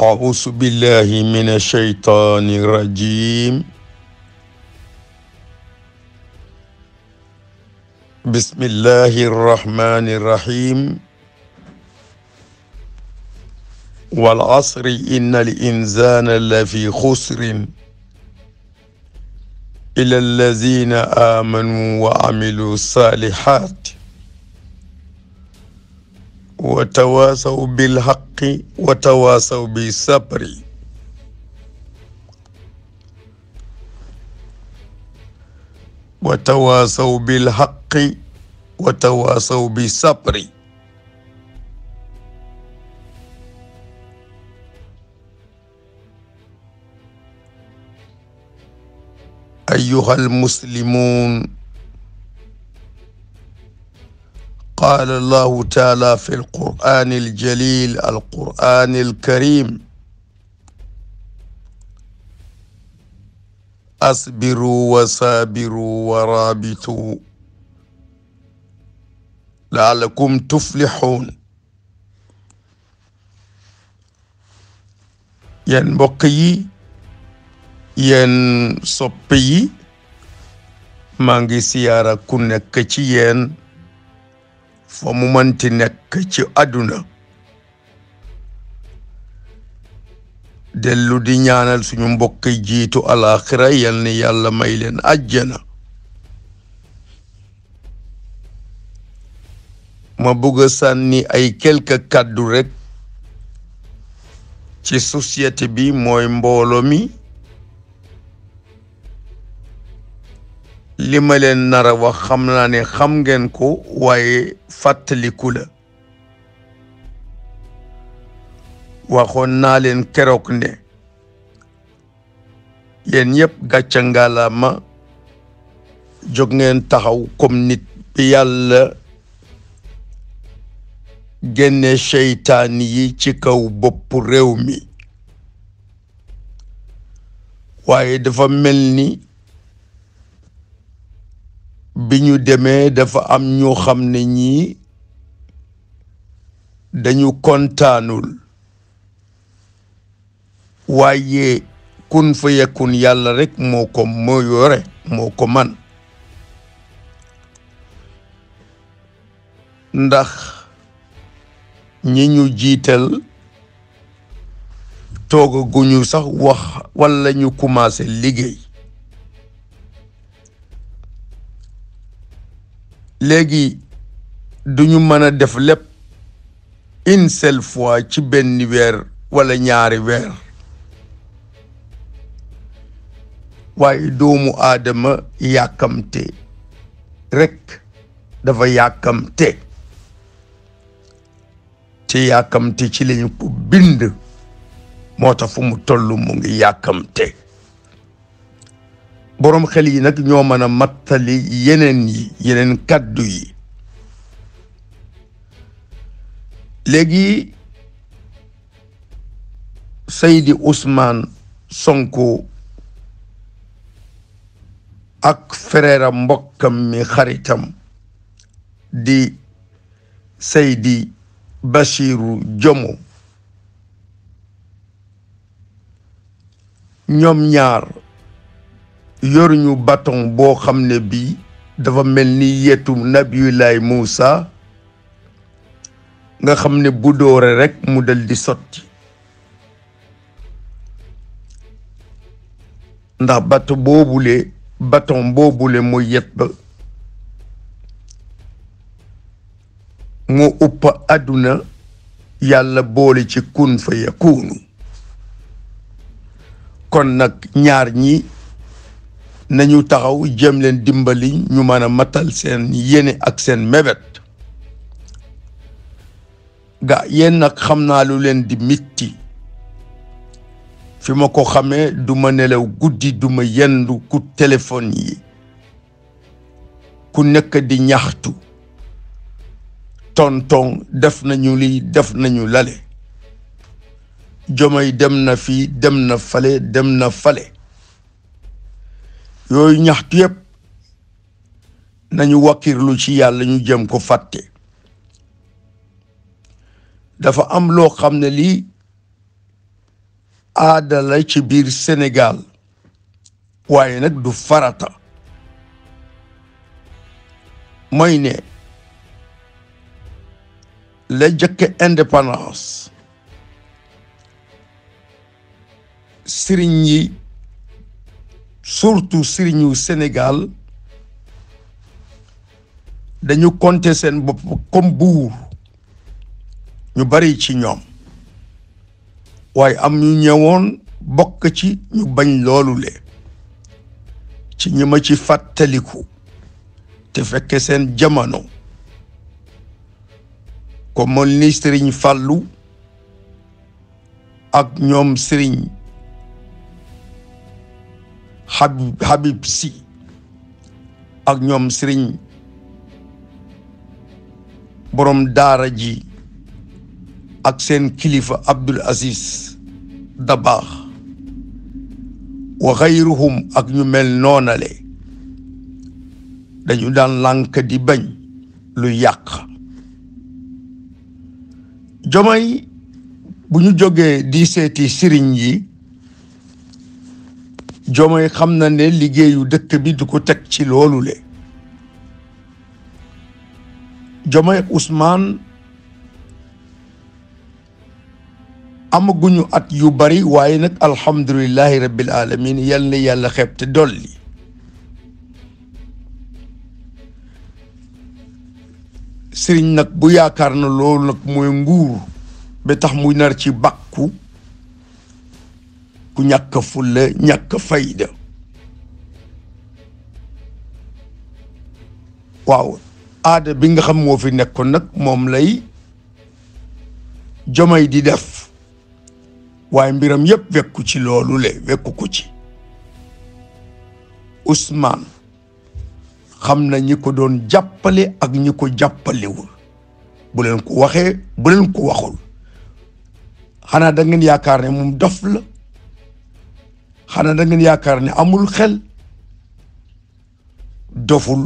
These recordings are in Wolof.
أعوذ بالله من الشيطان الرجيم بسم الله الرحمن الرحيم والعصر إن الإنسان لفي خسر إلى الذين آمنوا وعملوا الصالحات وتواصوا بالحق وتواصوا بالصبر وتواصوا بالحق وتواصوا بالصبر أيها المسلمون قال الله تعالى في القرآن الجليل القرآن الكريم أصبروا وصابروا ورابطوا لعلكم تفلحون ين بقي ين صبي مانجي سيارة maa ngi fa mu manti nekk ci àdduna dellu di ñaanal suñu mbokk jiitu alaxira yal ni yàlla may leen àjjana ma bëgg a sànni ay quelque kàddu rekk ci société bi mooy mboolo mi li ma leen nar a wax xam naa ne xam ngeen ko waaye fàttaliku la waxoon naa leen keroog ne yéen yépp gàcca ngalama ma jóg ngeen taxaw comme nit bi yàlla génne seytaan yi ci kaw bopp réew mi waaye dafa mel ni bi ñu demee dafa am ñoo xam ne ñii dañu kontaanul waaye kun fa yakun yàlla rekk moo ko moo moo ko man ndax ñi ñu jiital toogaguñu sax wax walla ñu commencé liggéey léegi du ñu mën a def lépp une fois ci benn weer wala ñaari weer waaye doomu aadama yàkkamte rekk dafa yàkkamte te yàkkamte ci lañu ko bind moo tax fu mu toll mu ngi yàkkamte boroom xel yi nag ñoo mën a mattali yeneen yi yeneen kàddu yi léegi Seydi Ousmane Sonko ak frère mbokkam mi xaritam di Seydi Bassirou Diomaye ñoom ñaar yoruñu bâton boo xam ne bii dafa mel ni yetu nabiyulaay Muusa nga xam ne bu doore rekk mu dal di sotti ndax bato boobule bâton boobule mooy yet moo ëpp àdduna yàlla boole ci kun fa yakunu kon nag ñaar ñi nañu taxaw jëm leen dimbali ñu mën a matal seen yéene ak seen mébét ga yéen nag xam naa lu leen di mitti fi ma ko xamee duma ma nelaw guddi duma yendu ku téléphone yi ku nekk di ñaxtu tonton def nañu li def nañu lale jomay dem na fii dem na fale dem na fale yooyu ñaxtu yépp nañu wakkirlu ci yàlla ñu jëm ko fàtte dafa am loo xam ne lii aada la ci biir Sénégal waaye nag du farata moy ne la jëkk indépendance sëriñ yi surtout sëriñu Sénégal dañu compter seen bopp comme buur ñu bari ci ñoom waaye am ñu ñëwoon bokk ci ñu bañ loolu le ci ñi ma ci fàttaliku te fekke seen jamono comme moom ni sëriñ Fàllu ak ñoom sëriñ Habib Habib ak ñoom sëriñ borom daara ji ak seen kilifa Abdul Aziz Dabaax wa xayruhum ak ñu mel noonale dañu daan lànk di bañ lu yàq jomay bu ñu jógee di seeti sëriñ yi Diomaye xam na ne liggéeyu dëkk bi du ko teg ci loolu le usmaan Ousmane amaguñu at yu bari waaye nag alhamdulillahi rabbil alamin yal na yàlla xepp te dolli sëriñ nag bu yaakaar na loolu nag mooy nguur ba tax muy nar ci bàkku ku ñàkk fulla ñàkk fayda waaw aada bi nga xam moo fi nekkoon nag moom lay jomay di def waaye mbiram yëpp wekku ci loolu le wekku ko ci Ousmane xam na ñi ko doon jàppale ak ñi ko jàppalewul bu leen ko waxee bu ko waxul xanaa da ngeen yaakaar ne moom dof la xana da ngeen yaakaar ne amul xel doful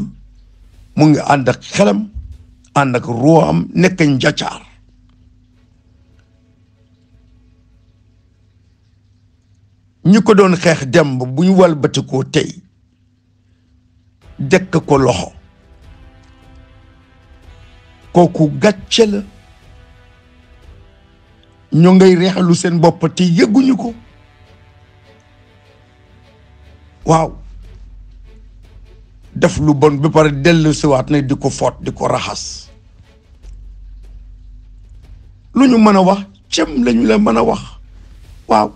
mu ngi ànd ak xelam ànd ak ruwaam nekk njaccaar ñi ko doon xeex dem bu ñu walbatikoo tey dekk ko loxo kooku gàcce la ñoo ngay reexalu seen bopp te yëgguñu ko waaw def lu bon ba pare si siwaat na di ko foot di ko raxas lu ñu mën a wax cëm lañu la mën a wax waaw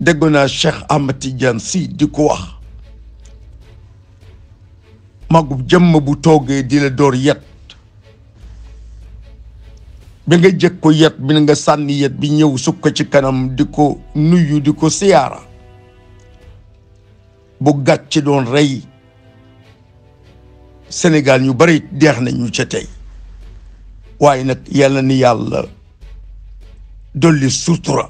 dégg naa Cheikh Ahmed Tidiane Sy di ko wax magub jëmm bu toogee di la door yet bi nga jëkk ko yet bi nga sànni yet bi ñëw sukk ci kanam di ko nuyu di ko siyaara bu gàcc doon rey Sénégal ñu bari deex nañu ca tey waaye nag yàlla ni yàlla dolli sutura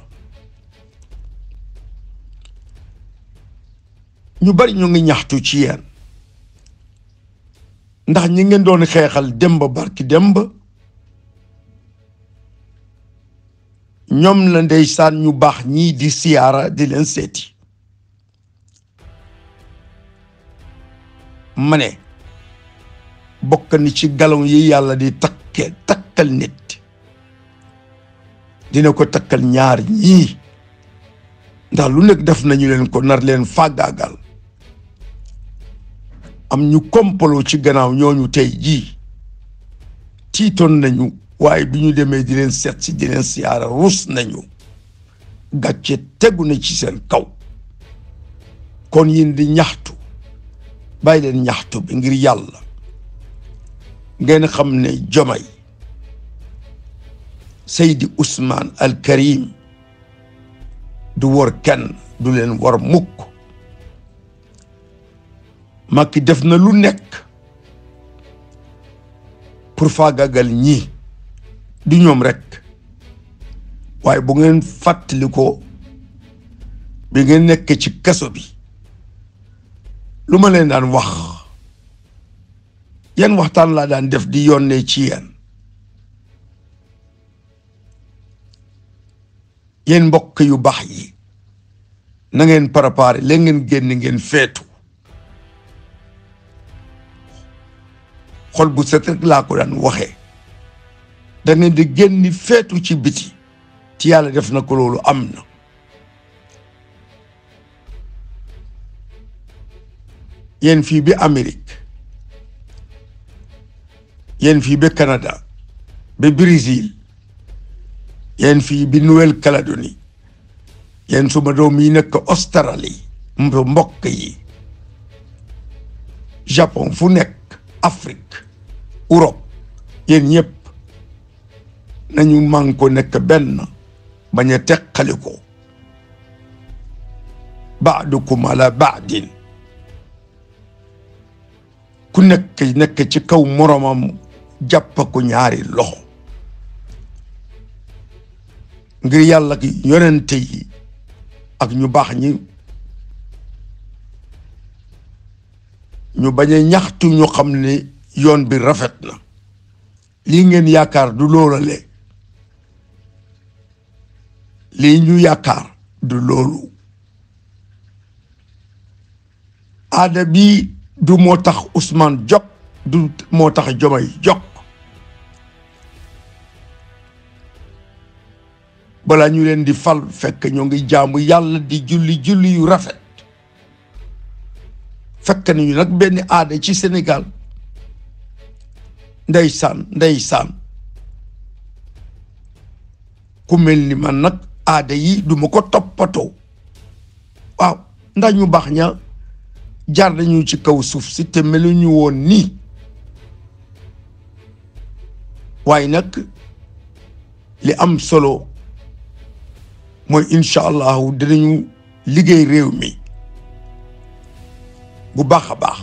ñu bari ñu ngi ñaxtu ci yeen ndax ñi ngeen doon xeexal demb barki demb ñoom la ndeysaan ñu baax ñii di siyaara di leen seeti ma ne ci galon yi yàlla di takke takkal nit dina ko takkal ñaar ñii ndax lu nekk def nañu leen ko nar leen fàggaagal am ñu kompaloo ci gannaaw ñooñu tey jii tiitoon nañu waaye bu ñu demee di leen seetsi si di leen siyaara rus nañu gàcce tegu na ci seen kaw kon yéen di ñaxtu bàyyi leen ñaxtu bi ngir yàlla ngeen xam ne jomay Seydi usmaan Al Karim du wor kenn du leen wor mukk Macky def na lu nekk pour faagagal ñi du ñoom rekk waaye bu ngeen fàttali ko bi ngeen nekk ci kaso bi lu ma leen daan wax yan waxtaan laa daan def di yónnee ci yéen yéen mbokk yu baax yi na ngeen préparé leen ngeen génn ngeen feetu xol bu set rek laa ko daan waxee da ngeen di génn féetu ci biti ci yàlla def na ko loolu am na yéen fii bi Amérique yéen fii bi Canada bi Brésil yéen fii bi nuwel calédonie yéen suma doom yi nekk ostarali mbokk yi Japon fu nekk Afrique Europe yéen ñëpp nañu man ko nekk benn bañ a teqali ko baadukum ala baadin ku nekk ci kaw moromam jàpp ko ñaari loxo ngir yàlla ki yonente yi ak ñu baax ñi ñu bañ a ñaxtu ñu xam ne yoon bi rafet na lii ngeen yaakaar du loolale lii ñu yaakaar du loolu aada bi du moo tax Ousmane jog du moo tax Diomaye jog bala ñu leen di fal fekk ñoo ngi jaamu yàlla di julli julli yu rafet fekk nañu nag benn aada ci Sénégal ndeysaan ndeysaan ku mel ni man nag aada yi du ma ko toppatoo waaw ndax ñu baax ña jaar nañu ci kaw suuf si te meluñu woon nii waaye nag li am solo mooy incha allahu dinañu liggéey réew mi bu baax a baax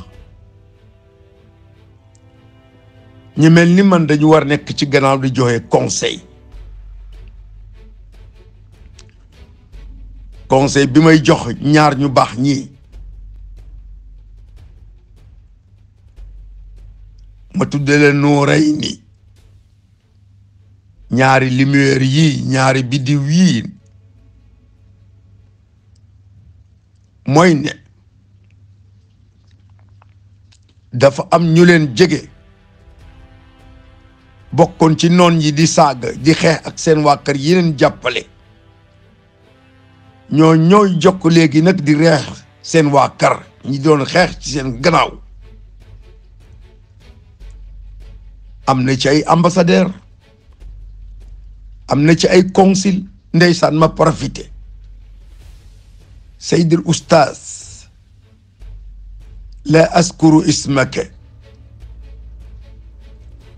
ñu mel ni man dañu war nekk ci gannaaw di joxe conseil conseil bi may jox ñaar ñu baax ñi ma tudde nu nooray ni ñaari lumière yii ñaari biddiw yii mooy ne dafa am ñu leen jege bokkoon ci noon yi di saaga di xeex ak seen waa yi leen jàppale ñoo ñooy jokk léegi nag di reex seen waa ñi doon xeex ci seen gannaaw am na ci ay ambassadeur am na ci ay consul ndeysaan ma profité saydir oustaz la askuru ismaka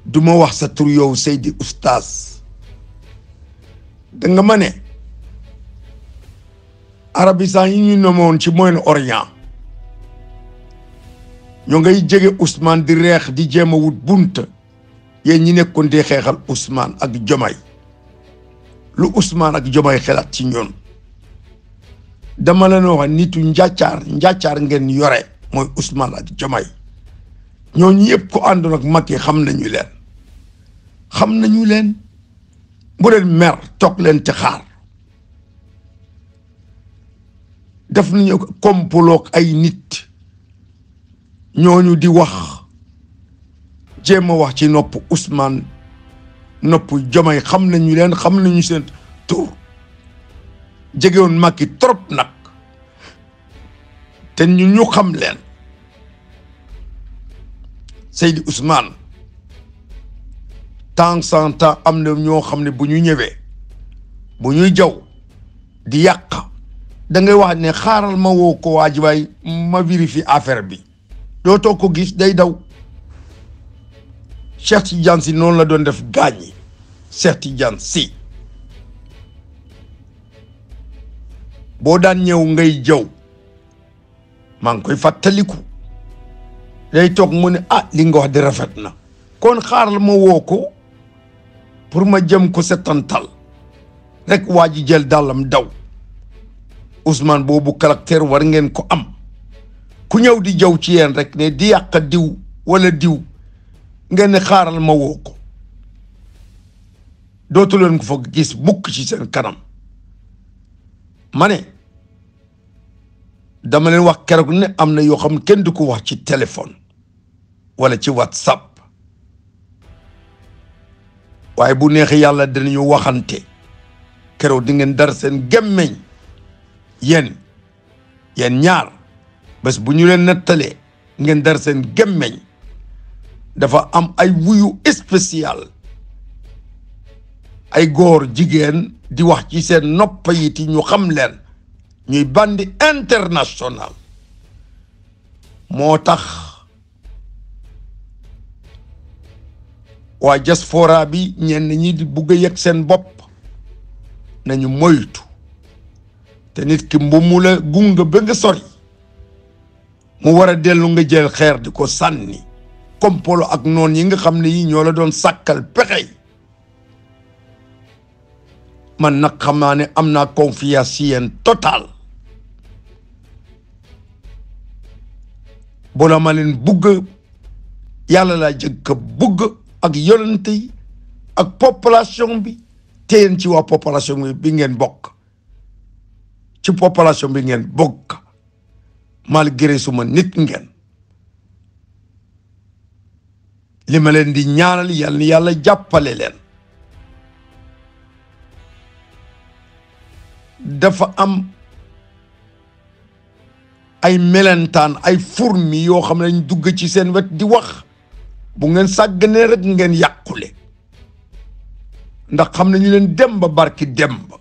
du ma wax sa tur yow saydir oustaz da nga ma ne arabisan yi ñu nomoon ci moyen orient ñu ngay jege Ousmane di reex di jema a wut bunt ye ñi nekkoon di xeexal Ousmane ak Jomay lu Ousmane ak Jomay xelaat ci ñoon dama leen wax nitu njàccaar njàccaar ngeen yore mooy Ousmane ak Jomay ñooñu yëpp ko àndoon ak Macky xam nañu leen xam nañu leen bu mer toog leen ci xaar def nañu komploog ay nit ñoo ñu di wax jéem a wax ci nopp usmaan nopp Diomaye xam nañu leen xam nañu seen tur jegewoon Macky trop nag te ñu xam leen Seydi Ousmane temps en am na ñoo xam ne bu ñu ñëwee bu ñuy jaw di yàq dangay ngay wax ne xaaral ma woo ko waaj waay ma vérifier affaire bi doo toog ko gis day daw Cheikh Tidiane Sy noonu la doon def gaañi Cheikh Tidiane Sy boo daan ñëw ngay jaw maa ngi koy fàttaliku day toog mu ne ah li nga wax di rafet na kon xaaral ma woo ko pour ma jëm ko setantal rek waa ji jël dàllam daw Ousmane boobu caractère war ngeen ko am ku ñëw di jaw ci yeen rek ne di yàq diw wala diw ngeen ne xaaral ma woo ko dootu leen gis bukk ci seen kanam mane dama leen wax keroog ne am na yoo xam kenn du ko wax ci téléphone wala ci whatsapp waaye bu neexee yàlla dinañu waxante keroog di ngeen dara seen gémmeñ Yen, yen nyar, bes bu ñu leen nettalee ngeen dar seen gemmeñ dafa am ay wuyu spécial ay góor jigen di wax ci seen noppa ti ñu xam leen ñuy bandi international motax wa jasfora bi ñen ñi di bëgg yek seen bop nañu moytu te nit ki mbumu la gunga ba nga sori mu war a dellu nga jël xeer di ko sànni kompolo ak noon yi nga xam ne yi ñoo la doon sàkkal pexe man nag xam naa ne am na confiance ci total bu la ma leen bugg yàlla laa jëkk ak yonent ak population bi te ci wa population bi bi ngeen bokk ci population bi ngeen bokk malgré suma nit ngeen li ma leen di ñaanal yàlla ni yàlla jàppale leen dafa am ay melentaan ay fourmi yoo xam ne dugg ci seen wet di wax bu ngeen sàgganee rek ngeen yàqule ndax xam ñu leen dem ba barki dem ba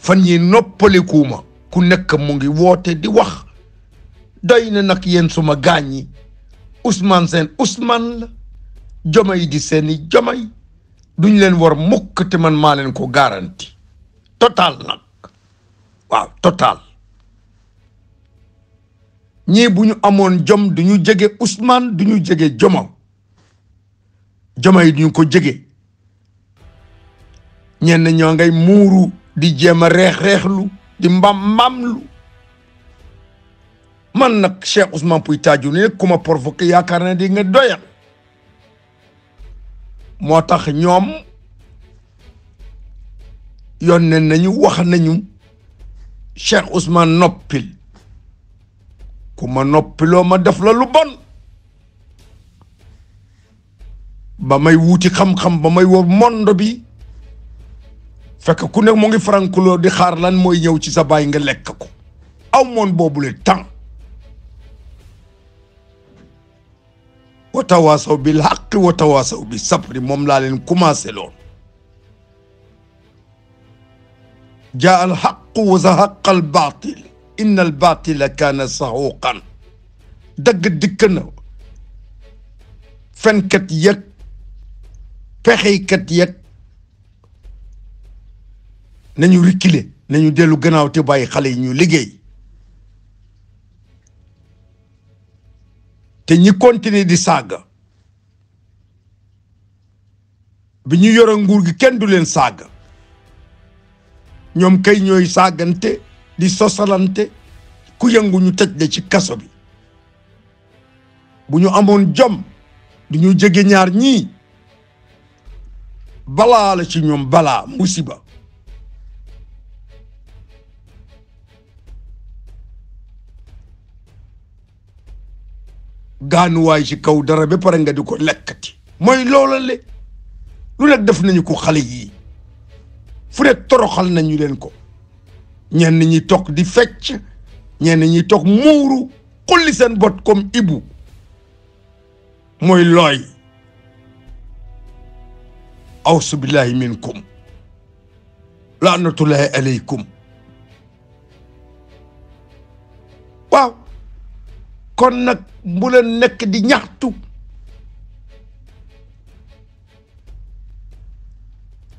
fan yi noppalikuuma ku nekk mu ngi woote di wax day na nag yéen suma gaañ yi Ousmane seen Ousmane la di seeni jomay duñ leen war mukk te man maa leen ko garanti total nag waaw total ñii bu ñu amoon jom du ñu jege Ousmane du ñu jege jomam jomay du ñu ko jege ñenn ñoo ngay muuru di jema reex-reexlu di mbam mbamlu man nak Cheikh Ousmane Pouye Tadjou ne ku provoquer yaakaar na di nga doyal motax ñom yonne nañu wax nañu Cheikh Ousmane noppil kuma ma ma def la lu bon ba may wuti xam-xam ba may wër bi fekk ku ne mo ngi farankuloo di xaar lan mooy ñëw ci sa baay nga lekk ko aw moon le temps wa tawaasaw bil xaqi wa tawaasaw bi sabri moom laa leen commencé loon jaa al xaqu wa zahaq al baatil in al baatila kaana sahuqan dëgg dikk na fenkat yëg pexeykat yëg nañu reculer nañu dellu gannaaw te bàyyi xale ñu liggéey te ñi continuer di saaga bi ñu yore nguur gi kenn du leen saaga ñoom kay ñooy saagante di sosalante ku yëngu ñu tëj la ci kaso bi bu ñu amoon jom du ñu jege ñaar ñi balaa la ci ñoom balaa musiba gaanuwaay ci kaw dara ba nga di ko lekkati mooy loola le lu def nañu ko xale yii fu ne toroxal nañu leen ko ñenn ñi toog di fecc ñenn ñi toog muuru xulli seen bot comme ibu mooy looy awsu billahi minkum laanatullahi aleykum waaw kon nag mbulen nek di ñaxtu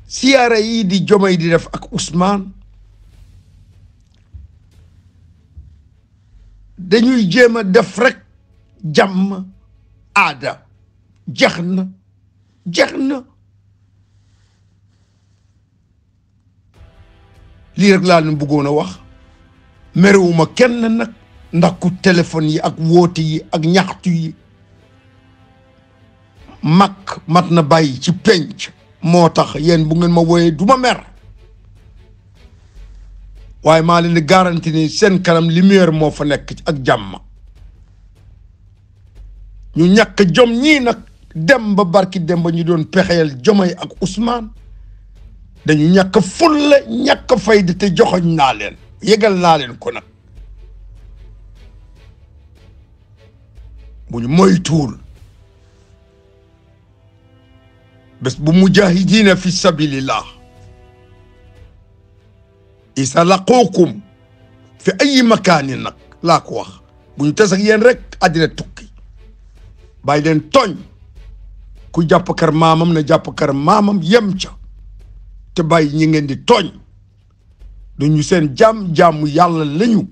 siara yi di jomay di def ak Ousmane dañuy jema def rek jam ada jexna jexna li rek la ñu bëggoon a wax merewuma kenn nak ndax ku téléphone yi ak woote yi ak ñaxtu yi mag mat na bàyyi ci penc moo tax yéen bu ngeen ma wooyee du mer waaye maa leen garanti ni seen kanam lumière moo fa nekk ak jàmm ñu ñàkk jom ñi nag dem ba barki dem ba ñu doon pexeel jomay ak usmaan dañu ñàkk fulla ñàkk fayda te joxoñ naa leen yëgal naa ko nag bu ñu moytuwul bés bu mujahidina fi sabilillah la laquukum fi ayi makaanin nag laa ko wax bu ñu tas ak yéen rek àddina tukki bàyyi leen tooñ ku jàpp kar maamam na jàpp kar maamam yem ca te bàyyi ñi ngeen di tooñ ñu seen jàmm jàmm yàlla lañu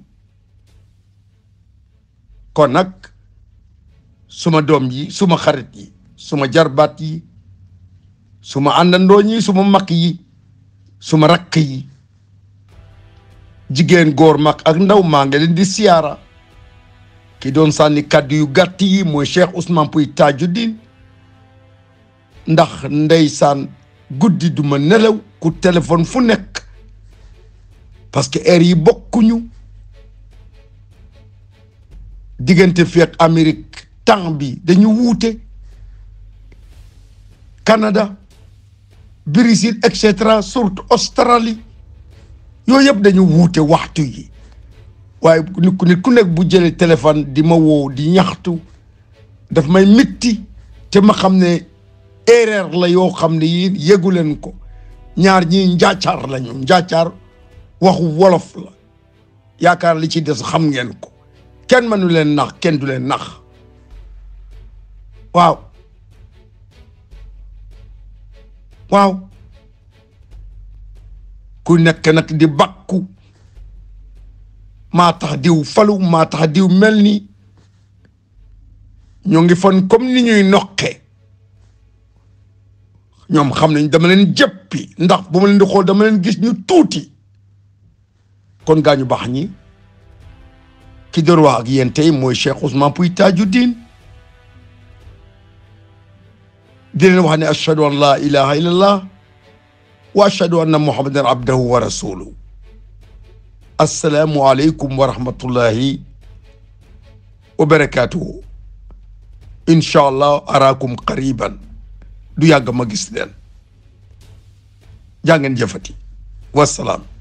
kon nag suma dom yi suma xarit yi suma jarbat yi suma andando ñi suma mak yi suma rak yi jigen gor mak ak ndaw ma nga di siara. ki don sànni kaddu yu gatti yi moy Cheikh Ousmane Pouye tajuddin ndax ndeysan guddi duma nelaw ku telephone fu nek parce que air yi bokkuñu diggante Amérique temps bi dañu wuute Canada Brésil et cetera surtout Australie yooyu yëpp dañu wuute waxtu yi waaye nit ku nekk bu jëlee téléphone di ma woo di ñaxtu daf may mitti te ma xam ne erreur la yoo xam ne yéen yëgu leen ko ñaar ñii njaacaar lañu njaacaar waxu wolof la yaakaar li ci des xam ngeen ko kenn mënu leen nax kenn du leen nax Wow, wow, ku nekk nag di bàkku Ma tax diw falu ma tax diw melni. ni ngi fon comme ni ñuy noqe ñoom xam nañ dama leen jëppi ndax bu ma leen di dama leen gis ñu tuuti kon gaa ñu baax ñi ki doon wax ak yéen tey mooy Cheikh Ousmane Pouye Tadjidine دين وحني أشهد أن لا إله إلا الله وأشهد أن محمدا عبده ورسوله السلام عليكم ورحمة الله وبركاته إن شاء الله أراكم قريبا دو يا جماعة جان جفتي والسلام